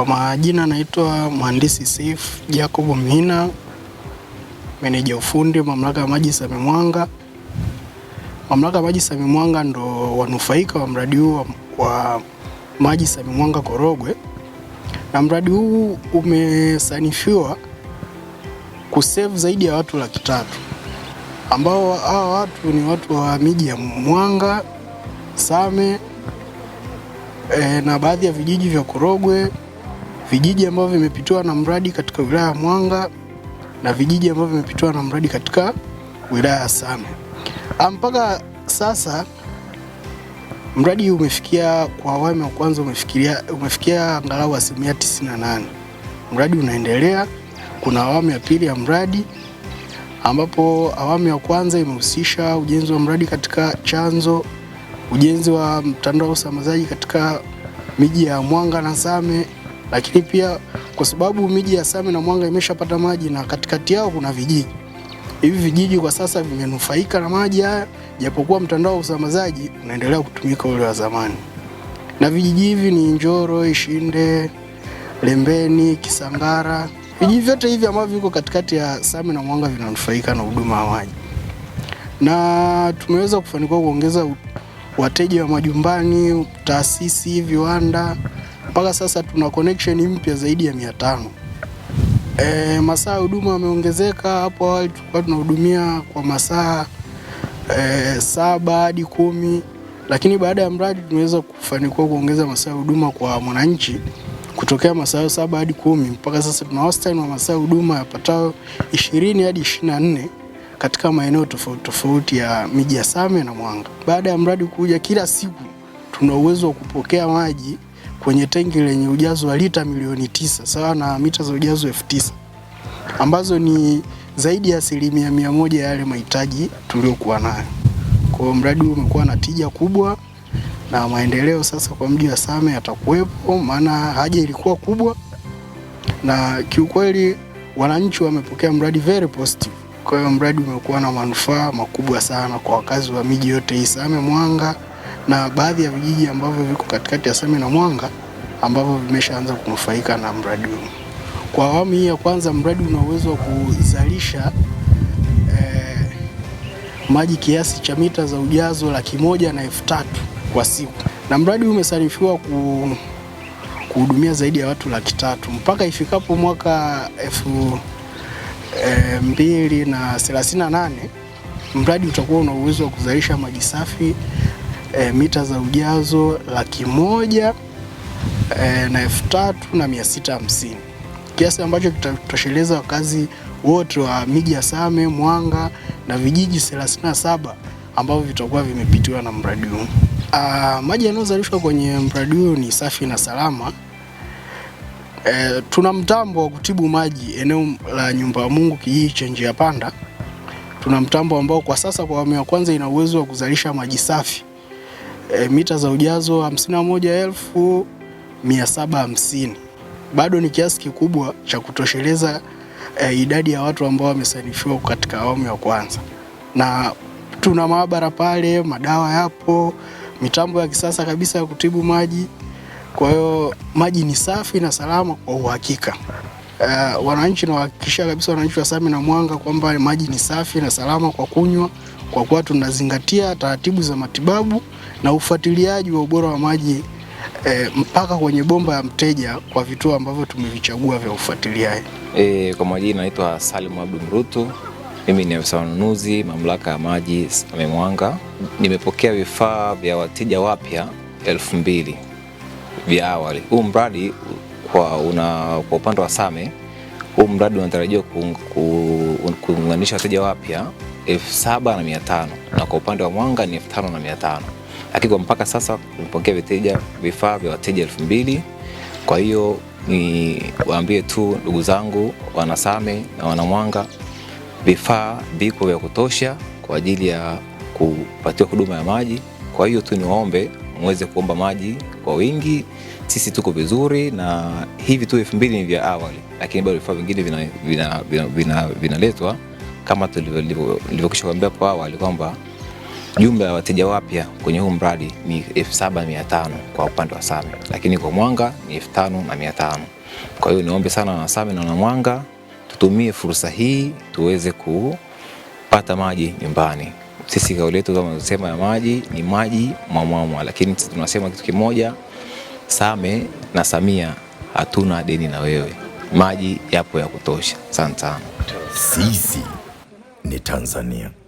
Kwa majina naitwa mhandisi Sif Jacob Mhina, meneja ufundi mamlaka ya maji Same Mwanga. Mamlaka ya maji Same Mwanga ndo wanufaika wa mradi huu wa maji Same Mwanga Korogwe, na mradi huu umesanifiwa kusave zaidi ya watu laki tatu ambao hawa watu ni watu wa miji ya Mwanga, Same e, na baadhi ya vijiji vya Korogwe vijiji ambavyo vimepitiwa na mradi katika wilaya ya Mwanga na vijiji ambavyo vimepitiwa na mradi katika wilaya ya Same. Ah, mpaka sasa mradi umefikia kwa awamu ya kwanza umefikia, umefikia angalau asilimia 98. Mradi unaendelea, kuna awamu ya pili ya mradi ambapo awamu ya kwanza imehusisha ujenzi wa mradi katika chanzo, ujenzi wa mtandao wa usambazaji katika miji ya Mwanga na Same lakini pia kwa sababu miji ya Same na Mwanga imeshapata maji na katikati yao kuna vijiji. Hivi vijiji kwa sasa vimenufaika na maji haya, japokuwa mtandao wa usambazaji unaendelea kutumika ule wa zamani. Na vijiji hivi ni Njoro, Ishinde, Lembeni, Kisangara. Vijiji vyote hivi ambavyo viko katikati ya Same na Mwanga vinanufaika na huduma ya maji, na tumeweza kufanikiwa kuongeza wateja wa majumbani, taasisi, viwanda mpaka sasa tuna connection mpya zaidi ya mia tano. E, masaa ya huduma yameongezeka. Hapo awali tulikuwa tunahudumia kwa masaa e, saba hadi kumi, lakini baada ya mradi tumeweza kufanikiwa kuongeza masaa ya huduma kwa mwananchi kutokea masaa saba hadi kumi mpaka sasa tuna wastani wa masaa ya huduma yapatao ishirini hadi ishirini na nne katika maeneo tofauti tofauti ya miji ya Same na Mwanga. Baada ya mradi kuja, kila siku tuna uwezo wa kupokea maji kwenye tenki lenye ujazo wa lita milioni tisa sawa na mita za ujazo elfu tisa ambazo ni zaidi ya asilimia mia moja ya yale mahitaji tuliokuwa nayo. Kwa hiyo mradi huu umekuwa na tija kubwa na maendeleo sasa kwa mji wa Same yatakuwepo, maana haja ilikuwa kubwa, na kiukweli wananchi wamepokea mradi very positive. Kwa hiyo mradi umekuwa na manufaa makubwa sana kwa wakazi wa miji yote hii Same, Mwanga na baadhi ya vijiji ambavyo viko katikati ya Same na Mwanga ambavyo vimeshaanza kunufaika na mradi huu. Kwa awamu hii ya kwanza, mradi una uwezo wa kuzalisha eh, maji kiasi cha mita za ujazo laki moja na elfu tatu kwa siku, na mradi huu umesarifiwa ku kuhudumia zaidi ya watu laki tatu mpaka ifikapo mwaka elfu e, mbili na thelathini na nane mradi utakuwa una uwezo wa kuzalisha maji safi e, mita za ujazo laki moja e, na elfu tatu na mia sita hamsini kiasi ambacho kitatosheleza wakazi wote wa miji ya Same, Mwanga na vijiji 37 ambavyo vitakuwa vimepitiwa na mradi huu. Ah, maji yanayozalishwa kwenye mradi huu ni safi na salama. E, tuna mtambo wa kutibu maji eneo la Nyumba ya Mungu kijiji cha Njia Panda. Tuna mtambo ambao kwa sasa kwa awamu ya kwanza ina uwezo wa kuzalisha maji safi e, mita za ujazo 51,750 bado ni kiasi kikubwa cha kutosheleza e, idadi ya watu ambao wamesanifiwa katika awamu ya kwanza, na tuna maabara pale, madawa yapo, mitambo ya kisasa kabisa ya kutibu maji. Kwa hiyo maji ni safi na salama kwa uhakika. Uh, wananchi nawahakikishia kabisa wananchi wa Same na Mwanga kwamba maji ni safi na salama kwa kunywa kwa kuwa tunazingatia taratibu za matibabu na ufuatiliaji wa ubora wa maji e, mpaka kwenye bomba ya mteja kwa vituo ambavyo tumevichagua vya ufuatiliaji. E, kwa majina naitwa Salim Abdul Mrutu. Mimi ni afisa wanunuzi mamlaka ya maji Samemwanga. Nimepokea vifaa vya wateja wapya elfu mbili vya awali. Huu mradi kwa, una, kwa upande wa Same huu mradi unatarajiwa kuunganisha wateja wapya elfu saba na mia tano na kwa upande wa mwanga ni elfu tano na mia tano lakini kwa mpaka sasa tumepokea viteja vifaa vya wateja elfu mbili kwa hiyo ni waambie tu ndugu zangu wanasame na wanamwanga, vifaa viko vya kutosha kwa ajili ya kupatiwa huduma ya maji. Kwa hiyo tu niwaombe muweze kuomba maji kwa wingi, sisi tuko vizuri na hivi tu elfu mbili ni vya awali, lakini bado vifaa vingine vinaletwa vina, vina, vina, vina kama tulivyokisha kuambia kwa awali kwamba jumla ya wateja wapya kwenye huu mradi ni 7500 kwa upande wa Same, lakini kwa Mwanga ni 5500. Kwa hiyo niombe sana na Same na na Mwanga tutumie fursa hii tuweze kupata maji nyumbani. Sisi kauli yetu kama tunasema ya maji ni maji mwamwamwa, lakini tunasema kitu kimoja, Same na Samia hatuna deni na wewe, maji yapo ya kutosha. Asante sana. Sisi ni Tanzania.